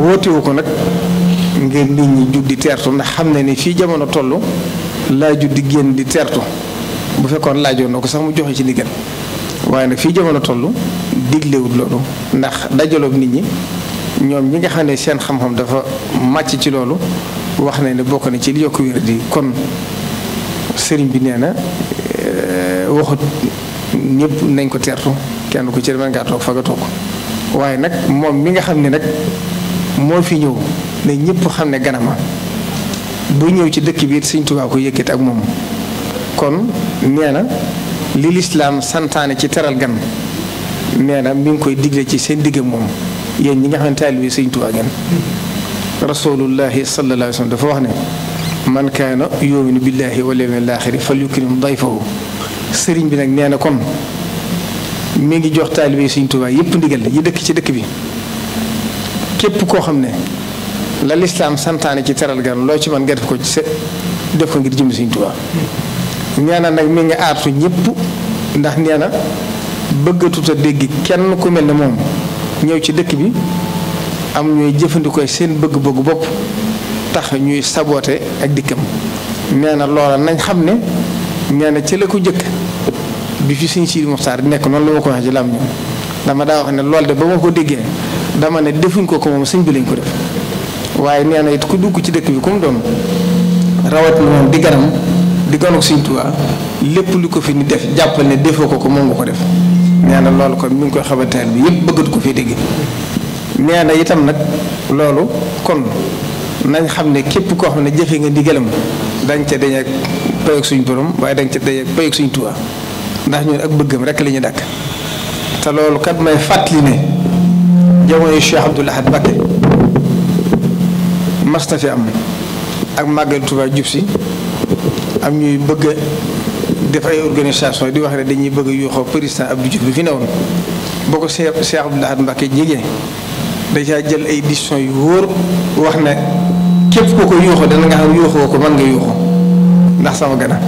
wootewu ko nag ngeen nit ñi jug di teertu ndax xam ne ni fii jamono toll laaju di génn di teertu bu fekkoon laajoon na ko sax mu joxe ci ndigal waaye nag fii jamono toll diglewut loolu ndax dajaloob nit ñi ñoom ñi nga xam ne seen xam-xam dafa màcc ci loolu wax nañ ne bokk na ci li yokk wér di kon sëriñ bi nee na eh, waxut ñépp nañ ko teertu kenn ku ci demee ngaa toog fa waaye nag moom mi nga xam ne nag. moo fi ñëw ne ñëpp xam ne ganama bu ñëw ci dëkk bi it Sëñ Tuubaa ak moom kon nee na li lislaam santaane ci teral gan nee na mi ngi koy digle ci seen digg moom yéen ñi nga xam ne taalibe Sëñ Tuubaa ngeen rasulullahi sallallahu alayhi wa sallam dafa wax ne man kaana yu'minu fal wal yawmil aaxiri falyukrim dayfahu sëriñ bi nag nee na kon mi ngi jox taalibe Sëñ Tuubaa yëpp ndigal yi dëkk ci dëkk bi képp koo xam ne la lislaam santaane ci teral gan loo ci man nga def ko ci def ko ngir jëm Sëriñ Tuubaa ñaanal nag mi nga aartu ñëpp ndax nee na bëggatut a dégg kenn ku mel ne moom ñëw ci dëkk bi am jëfandikoo seen bëgg-bëgg bopp tax ñuy saboote ak dikkam nee na loola nañ xam ne nee na ci la ko jëkk bi fi Sëriñ Sidi Muxtaar di nekk noonu la ma ko waxee ci lam dama daa wax ne loolu de ba ma ko déggee dama ne defuñ ko ko moom suñ bi lañ ko def waaye nee na it ku dugg ci dëkk bi comme doon rawat na moom di ganam di ganuk sëñ lépp lu ko fi ni def jàppal ne defoo ko ko moom nga ko def nee loolu kon mu ngi koy xabateel bi yëpp bëggat ko fi dégg nee na itam nag loolu kon nañ xam ne képp koo xam ne jëfe nga di dañ ca dañ ak payog suñ borom waaye dañ ca dañ ak payog ndax ñun ak bëggam rek la ñu dàkk te loolu kat may fàttali ne جوان الشيخ عبد الله بكر مسنا في أمي أك ما قال توبا جيبسي أمي بغى دفع أي أورغانيزاسيون دي واخ دا ني بغى يوخو بريستان عبد الجيب في نون بوكو شيخ شيخ عبد الله بكر جيجي دجا جيل اي ديسيون يور واخنا كيف كوكو يوخو دا نغا يوخو كو مان يوخو ناخ سما غنا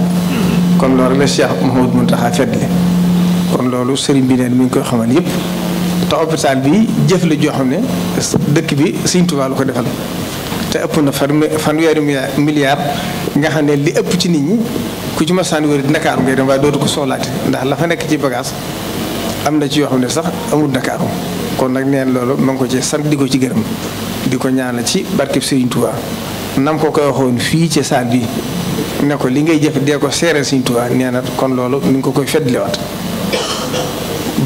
كون لور لا شيخ محمود منتخب فدلي كون لولو سيرين بي نين مي كو خمال ييب te hôpital bi jëf la joo xam ne dëkk bi Sëriñ Tuubaa la ko defal te ëpp na fanweeri milliard nga xam ne li ëpp ci nit ñi ku ci ma sànni wér Ndakaaru ngay dem waaye dootu ko soxlaate ndax la fa nekk ci bagage am na ci yoo xam ne sax amul Ndakaaru kon nag neen loolu ma ko ci sant di ko ci gërëm di ko ñaanal ci barkeb Sëriñ Tuubaa nam ko koy waxoon fii ci saal bi ne ko li ngay jëf dee ko seere Sëriñ Tuubaa nee na kon loolu mi ngi ko koy feddliwaat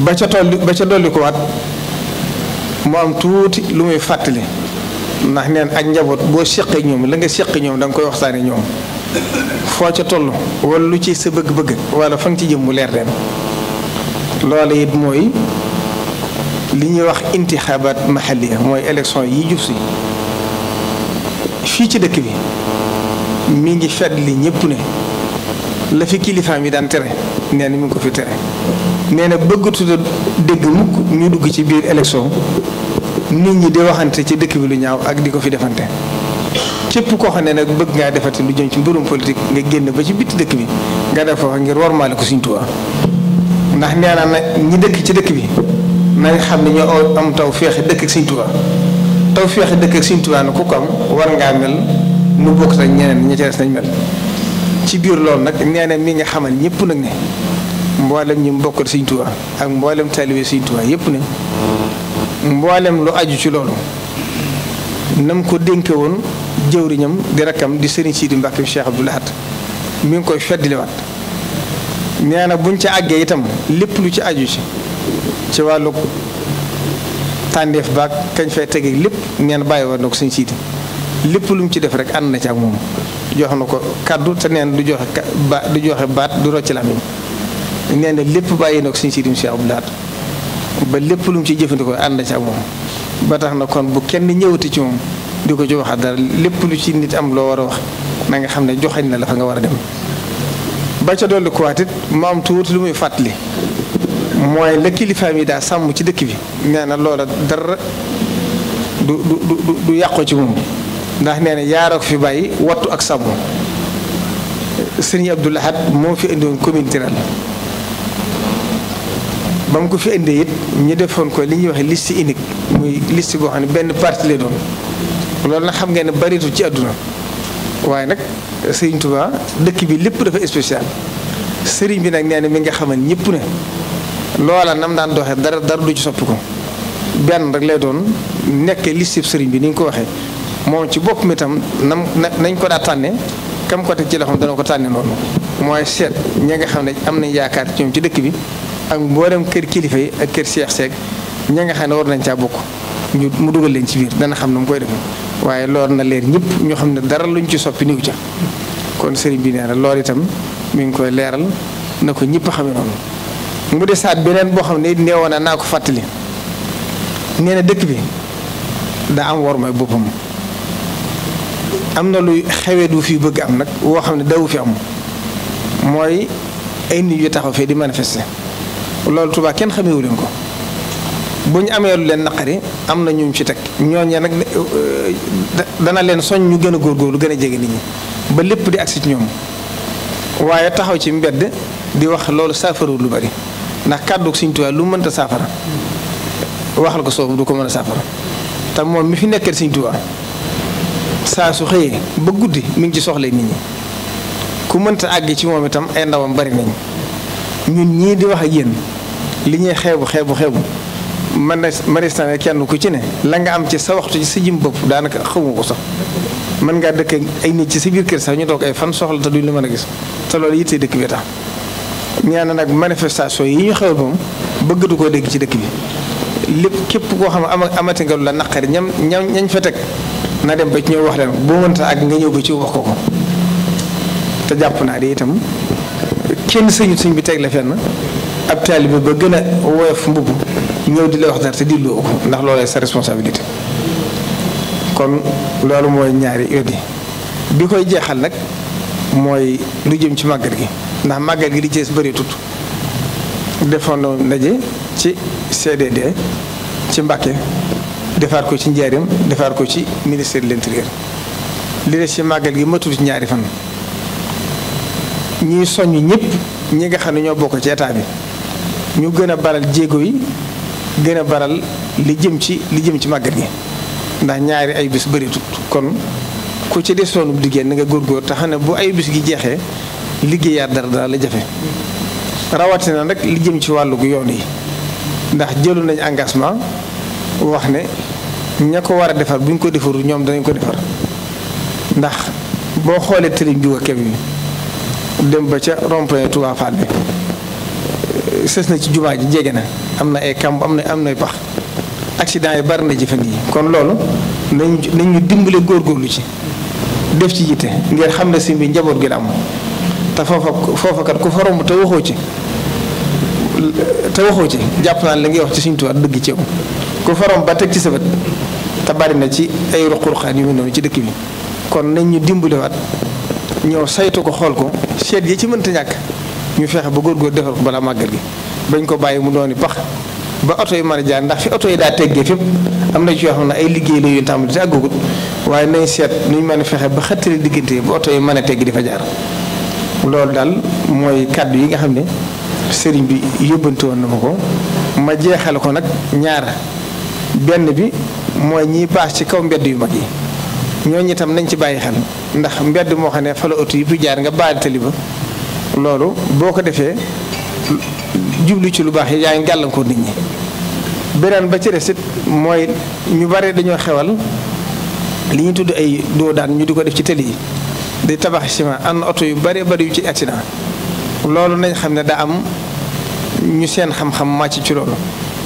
ba ca tolli ba ca dolli ko waat mu am tuuti lu muy fàttali ndax neen ak njaboot boo seqee ñoom la nga seqee ñoom danga nga koy waxtaanee ñoom foo ca toll wala lu ci sa bëgg-bëgg wala fa ci jëm mu leer leen loolu it mooy li ñuy wax intixaabaat maxaliya mooy élection yi jub si fii ci dëkk bi mi ngi fedd li ñépp ne la fi kilifaam yi daan tere nee na mi ngi ko fi tere. nee na bëggatut a dégg mukk ñu dugg ci biir élection nit ñi di waxante ci dëkk bi lu ñaaw ak di ko fi defante képp koo xam ne nag bëgg ngaa defante lu jëm ci mbirum politique nga génn ba ci bitti dëkk bi nga def fa ngir wormaale ko Sëriñ ndax nee nag ñi dëkk ci dëkk bi xam ne taw feexe dëkk ak taw feexe dëkk ak Sëriñ Tuubaa na ku ko am war ngaa mel nu bokk ak ñeneen ña ca des nañ mel ci biir loolu nag nee mi nga xamal ñëpp nag ne mboolem ñi bokkal siñ tuwa ak mboolem taalibe Sëriñ Tuubaa yépp ne mboolem lu aju ci loolu nam ko dénke woon jëwriñam di rakkam di Sëriñ Sidi Mbàkke Cheikh Abdou Lahad mi ngi koy feddliwaat nee ñaana buñ ca àggee itam lépp lu ci aju ci ci wàllu tàndeef baag kañ fay tegee lépp nee na bàyyi woon na ko Sëriñ lépp lum ci def rek ànd na ci ak moom jox na ko kàddu te neen du joxe ba du joxe baat du rocc lamiñ nee na lépp bàyyi na ko suñ si dim laat ba lépp lum mu ci jëfandikoo ànd ci ak moom ba tax na kon bu kenn ñëwati ci moom di ko ci wax waxaat dara lépp lu ci nit am loo war a wax na nga xam ne joxañ na la fa nga war a dem ba ca dolli kuwaat it mu am tuuti lu muy fàttali mooy la kilifaam yi daa sàmm ci dëkk bi nee na loola dara du du du yàqoo ci moom ndax nee na yaara ko fi bàyyi wattu ak sàmm sëriñ Abdou Lahad moo fi indiwoon commune Tiral ba mu ko fi indee it ñu defoon ko li ñuy waxee liste unique muy liste boo ne benn parti lay doon loolu nag xam ngeen ne baritul ci adduna waaye nag Serigne Touba dëkk bi lépp dafa spécial Serigne bi nag nee na mi nga xamal ñëpp ne loola nam daan doxee dara dara du ci soppi ko benn rek lay doon nekk liste Serigne bi ni ñu ko waxee moom ci bopp mi tam nam nañ ko daa tànnee kam ko teg ci loxoom dana ko tànnee noonu mooy seet ña nga xam ne am nañ yaakaar ci ci dëkk bi. ak mboolem kër kilifa yi ak kër seex seek ña nga xam ne war nañ caa bokk ñu mu dugal leen ci biir dana xam ne mu koy defee waaye loolu na leer ñëpp ñoo xam ne dara luñ ci soppi niw ca kon sëriñ bi nee na lool itam mu ngi koy leeral na ko ñëpp xamee noonu mu desaat beneen boo xam ne neewoon naa ko fàttali nee na dëkk bi daa am wormay boppam am na luy xewee du fi bëgg am nag woo xam ne dawu fi am mooy ay nit yu taxaw fee di manifester. loolu Touba kenn xamewu ko bu ñu amee lu leen naqari am na ñu ci teg ñooñee nag dana leen soñ ñu gën a góor góor lu gën a jege nit ñi ba lépp di agsi ci ñoom waaye taxaw ci mbedd di wax loolu saafarawul lu bari ndax kàddu Sëriñ Tuubaa lu mënta saafara waxal ko soobu du ko mën a saafara te moom mi fi nekkal siñ Tuubaa saa su xëyee ba guddi mi ngi ci soxla nit ñi ku mënta àgg ci moom itam ay ndawam bari nañ ñun ñii di wax a yéen. li ñuy xeebu xeebu xeebu man na manis kenn ku ci ne la nga am ci sa waxtu ci sa jëm bopp daanaka xamu ko sax mën ngaa dëkk ay nit ci sa biir kër sax ñu toog ay fan soxla te duñ la mën a gis te loolu yittee dëkk bi tax ñaan nag manifestation yi ñu xewal moom bëggatu koo dégg ci dëkk bi lépp képp koo xam ne amati nga lu la naqari ñam ñam ñañ fa teg na dem ba ci ñëw wax leen boo mënta ak nga ñëw ko ci wax ko ko te jàpp naa de itam kenn sëñu sëñ bi teg la fenn ab taalibe ba gën a woyof mbubb ñëw di la wax dara te dilloo ko ndax loolay sa responsabilité kon loolu mooy ñaari yoon yi bi koy jeexal nag mooy lu jëm ci màggal gi ndax màggal gi li cees bëri tut defoon na ndaje ci CDD ci Mbàkke ko ci njaarim defar ko ci ministère de l'intérieur li des ci màggal gi matul ci ñaari fan ñuy soññ ñëpp ñi nga xam ne ñoo bokk ci état bi ñu gën a baral jéego yi gën a baral li jëm ci li jëm ci màggat gi ndax ñaari ay bis baritu kon ku ci des desoon bu diggéen na nga góorgóor te xam ne bu ay bis gi jeexee liggéeyaat dara dara la jafe rawatina nag li jëm ci wàllu gu yoon yi ndax jëlu nañ engagement wax ne ña ko war a defar bu ñu ko defaru ñoom danañ ko defar ndax boo xoolee tëriñ bi wa kem yi dem ba ca rond-point Touba bi sës na ci jumaa ji jege na am na ay kàmb am na am nay pax accident yi bari na jëfand yi kon loolu nañ nañu dimbale góorgóorlu ci def ci jiite ngir xam ne si njaboot gi la am te foofa foofa kat ku fa romb te waxoo ci te waxoo ci jàpp naa la ngay wax ci suñu tuwaat dëgg ci yow ku fa romb ba teg ci sa te bari na ci ay ruq-ruqaan yu mel ci dëkk bi kon nañ ñu dimbalewaat ñoo saytu ko xool ko seet yi ci mënta ñàkk. ñu fexe ba góor defar ko balaa màggal gi bañ ko bàyyi mu dooni pax ba oto yi mën a jaar ndax fi oto yi daa teggee fépp am na ci yoo ay liggéey la yu tàmbali te àggagut waaye nañ seet nuñ mën a fexe ba xëttali diggante ba oto yi a tegg di fa jaar loolu daal mooy kàddu yi nga xam ne sëriñ bi yóbbante woon ko ma jeexal ko nag ñaar benn bi mooy ñii paas ci kaw mbedd yu mag yi ñooñu itam nañ ci bàyyi xel ndax mbedd moo xam ne fa la oto yi fi jaar nga baal tali ba loolu boo ko defee jublu ci lu baax yi yaay gàllankoor nit ñi beneen ba ci des mooy ñu bare dañoo xewal li ñu tudd ay doo daan ñu di ko def ci tëli yi di tabax ciment am na oto yu bare bari yu ci accident loolu nañ xam ne daa am ñu seen xam-xam màcc ci loolu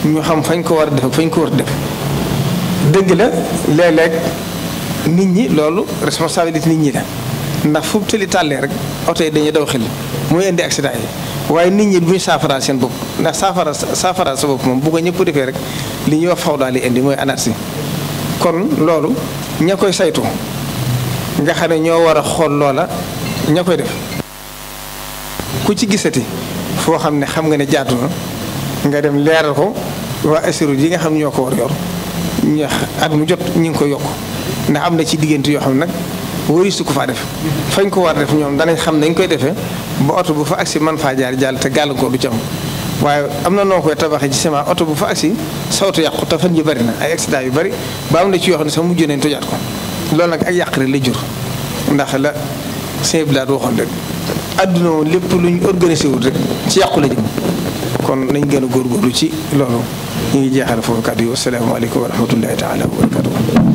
ñu xam fañ ko war a def fañ ko war a def dëgg la léeg-léeg nit ñi loolu responsabilité nit ñi la ndax fu tëli tàllee rek oto yi dañuy daw xel mooy indi accident yi waaye nit ñi bu ñu saafara seen bopp ndax saafara saafara sa bopp moom bu ko ñëpp defee rek li ñuy wax faw daal di indi mooy anarchie kon loolu ña koy saytu nga xam ne ñoo war a xool loola ña koy def ku ci gisati foo xam ne xam nga ne jaatu na nga dem leeral ko waa assurance yi nga xam ñoo ko war yor ñax at mu jot ñu ngi ko yokk ndax am na ci diggante yoo xam nag. wëri su ko faa def fañ ko war def ñoom danañ xam nañ koy defee ba oto bu fa agsi man faa jaar jàll te gàllankoor du ci am waaye am na noo koy tabaxee ci ciment oto bu fa agsi sawtu yàqu te fan yu bari na ay accident yu bari ba am na ci yoo xam ne sax mujj nañ tojaat ko loolu nag ak yàq rek la jur ndax la sëñ Blaat waxoon rek àdduna woon lépp lu ñu organisé wul rek ci yàqu la kon nañ gën a du ci loolu ñu ngi jeexal foofu kàddu yi wasalaamaaleykum wa rahmatullahi taala wa barakatuh